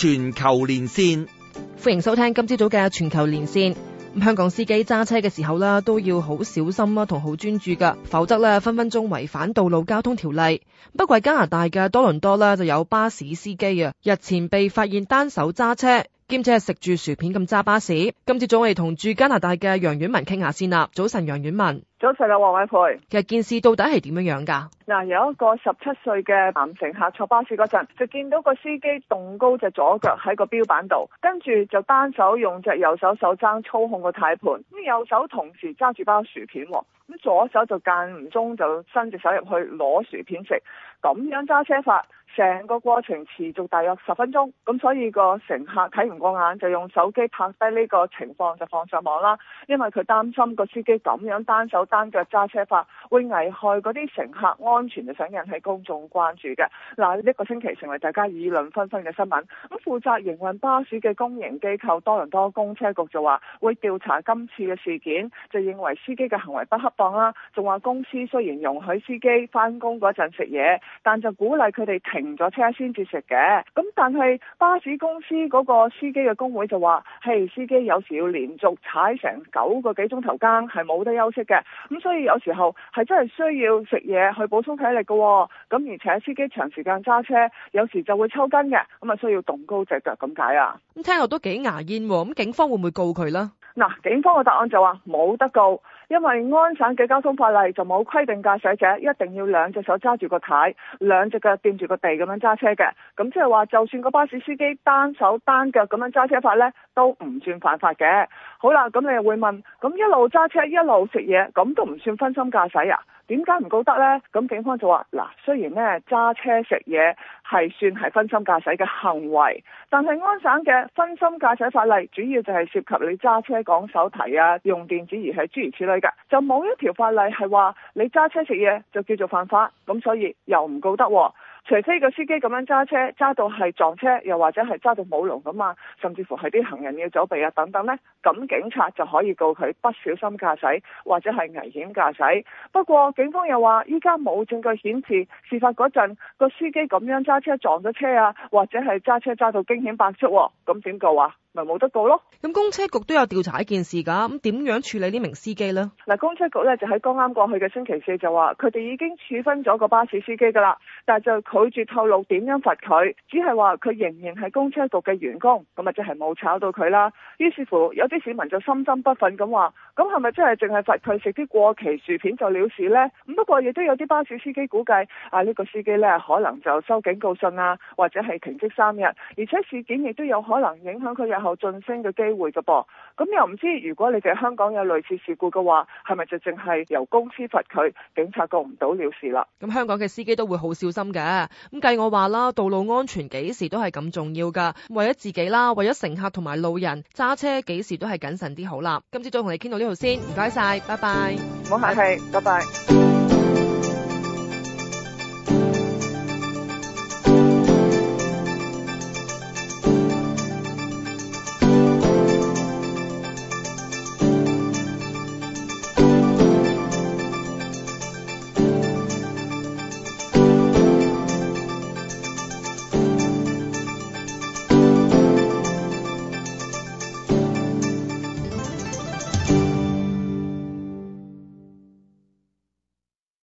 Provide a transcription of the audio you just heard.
全球連線，歡迎收聽今朝早嘅全球連線。香港司機揸車嘅時候啦，都要好小心啊，同好專注噶，否則咧分分鐘違反道路交通條例。不過喺加拿大嘅多倫多啦，就有巴士司機啊，日前被發現單手揸車，兼且食住薯片咁揸巴士。今朝早我哋同住加拿大嘅楊婉文傾下先啦。早晨，楊婉文。早晨啦，王慧蓓，其實件事到底係點樣樣㗎？嗱、呃，有一個十七歲嘅男乘客坐巴士嗰陣，就見到個司機戙高隻左腳喺個錶板度，跟住就單手用隻右手手踭操控個軚盤，咁右手同時揸住包薯片，咁左手就間唔中就伸隻手入去攞薯片食，咁樣揸車法，成個過程持續大約十分鐘，咁所以個乘客睇唔過眼，就用手機拍低呢個情況就放上網啦。因為佢擔心個司機咁樣單手，單腳揸車法會危害嗰啲乘客安全，就想引起公眾關注嘅。嗱，呢一個星期成為大家議論紛紛嘅新聞。咁負責營運巴士嘅公營機構多倫多公車局就話會調查今次嘅事件，就認為司機嘅行為不恰當啦。仲話公司雖然容許司機返工嗰陣食嘢，但就鼓勵佢哋停咗車先至食嘅。咁但係巴士公司嗰個司機嘅工會就話：嘿，司機有時要連續踩成九個幾鐘頭更，係冇得休息嘅。咁所以有時候係真係需要食嘢去補充體力嘅。哦，咁而且司機長時間揸車，有時就會抽筋嘅，咁啊需要動高隻腳咁解啊。咁聽落都幾牙煙喎。哦，咁警方會唔會告佢啦？嗱、啊，警方嘅答案就話冇得告。因為安省嘅交通法例就冇規定駕駛者一定要兩隻手揸住個呔，兩隻腳掂住個地咁樣揸車嘅，咁即係話就算個巴士司機單手單腳咁樣揸車法呢，都唔算犯法嘅。好啦，咁你又會問，咁一路揸車一路食嘢，咁都唔算分心駕駛啊？點解唔告得呢？咁警方就話：嗱，雖然呢揸車食嘢係算係分心駕駛嘅行為，但係安省嘅分心駕駛法例主要就係涉及你揸車講手提啊、用電子儀器諸如此類嘅，就冇一條法例係話你揸車食嘢就叫做犯法，咁所以又唔告得喎。除非個司機咁樣揸車揸到係撞車，又或者係揸到冇龍咁啊，甚至乎係啲行人要走避啊等等呢，咁警察就可以告佢不小心駕駛或者係危險駕駛。不過警方又話，依家冇證據顯示事發嗰陣個司機咁樣揸車撞咗車啊，或者係揸車揸到驚險百出，咁點告啊？冇得告咯。咁公車局都有調查呢件事噶，咁、嗯、點樣處理呢名司機呢？嗱，公車局咧就喺剛啱過去嘅星期四就話，佢哋已經處分咗個巴士司機噶啦，但係就拒絕透露點樣罰佢，只係話佢仍然係公車局嘅員工，咁啊即係冇炒到佢啦。於是乎，有啲市民就心生不忿咁話：「咁係咪真係淨係罰佢食啲過期薯片就了事呢？」咁不過亦都有啲巴士司機估計，啊呢、呢個司機呢，可能就收警告信啊，或者係停職三日，而且事件亦都有可能影響佢日後。有晉升嘅機會噶噃，咁又唔知如果你哋香港有類似事故嘅話，係咪就淨係由公司罰佢，警察告唔到了事啦？咁香港嘅司機都會好小心嘅，咁計我話啦，道路安全幾時都係咁重要噶，為咗自己啦，為咗乘客同埋路人，揸車幾時都係謹慎啲好啦。今朝早同你傾到呢度先，唔該晒，拜拜。唔好客氣，拜拜。